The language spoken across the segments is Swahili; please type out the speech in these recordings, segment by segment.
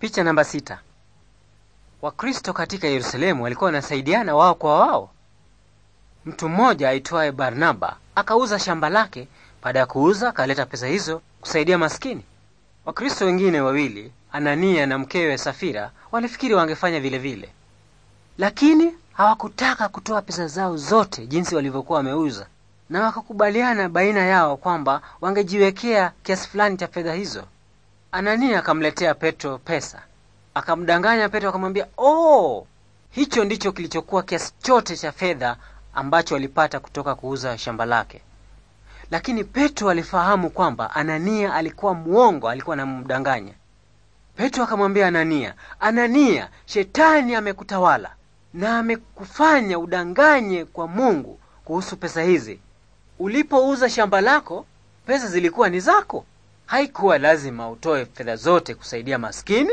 Picha namba sita. Wakristo katika Yerusalemu walikuwa wanasaidiana wao kwa wao. Mtu mmoja aitwaye Barnaba akauza shamba lake. Baada ya kuuza, akaleta pesa hizo kusaidia maskini. Wakristo wengine wawili, Anania na mkewe Safira, walifikiri wangefanya vile vile, lakini hawakutaka kutoa pesa zao zote jinsi walivyokuwa wameuza, na wakakubaliana baina yao kwamba wangejiwekea kiasi fulani cha fedha hizo. Anania akamletea Petro pesa, akamdanganya Petro akamwambia, oh, hicho ndicho kilichokuwa kiasi chote cha fedha ambacho alipata kutoka kuuza shamba lake. Lakini Petro alifahamu kwamba Anania alikuwa mwongo, alikuwa anamdanganya. Petro akamwambia Anania, Anania, shetani amekutawala na amekufanya udanganye kwa Mungu kuhusu pesa hizi. Ulipouza shamba lako, pesa zilikuwa ni zako, Haikuwa lazima utoe fedha zote kusaidia maskini,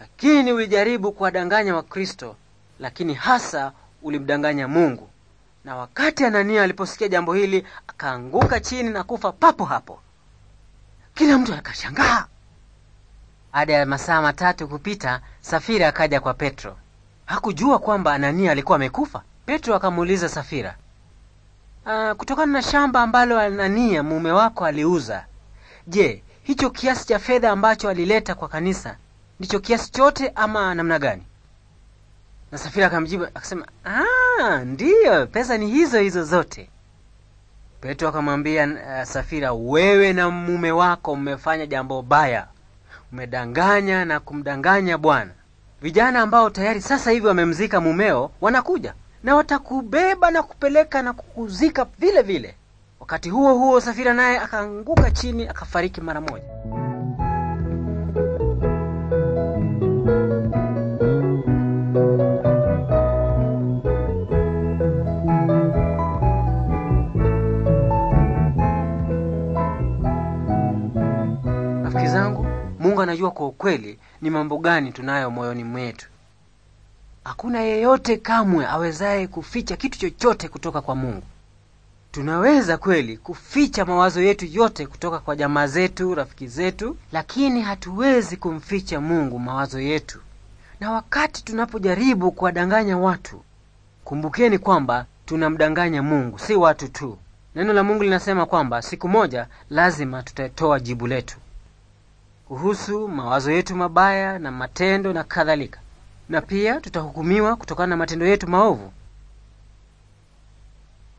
lakini ulijaribu kuwadanganya Wakristo, lakini hasa ulimdanganya Mungu. Na wakati Anania aliposikia jambo hili, akaanguka chini na kufa papo hapo. Kila mtu akashangaa. Baada ya masaa matatu kupita, Safira akaja kwa Petro. Hakujua kwamba Anania alikuwa amekufa. Petro akamuuliza Safira, uh, kutokana na shamba ambalo Anania mume wako aliuza, Je, hicho kiasi cha fedha ambacho alileta kwa kanisa ndicho kiasi chote ama namna gani? Na Safira akamjibu akasema, ah, ndiyo, pesa ni hizo hizo zote. Petro akamwambia uh, Safira, wewe na mume wako mmefanya jambo baya, mmedanganya na kumdanganya Bwana. Vijana ambao tayari sasa hivi wamemzika mumeo wanakuja na watakubeba na kupeleka na kukuzika vile vile. Wakati huo huo, Safira naye akaanguka chini akafariki mara moja. Rafiki zangu, Mungu anajua kwa ukweli ni mambo gani tunayo moyoni mwetu. Hakuna yeyote kamwe awezaye kuficha kitu chochote kutoka kwa Mungu. Tunaweza kweli kuficha mawazo yetu yote kutoka kwa jamaa zetu, rafiki zetu, lakini hatuwezi kumficha Mungu mawazo yetu. Na wakati tunapojaribu kuwadanganya watu, kumbukeni kwamba tunamdanganya Mungu, si watu tu. Neno la Mungu linasema kwamba siku moja lazima tutatoa jibu letu kuhusu mawazo yetu mabaya na matendo na kadhalika, na pia tutahukumiwa kutokana na matendo yetu maovu.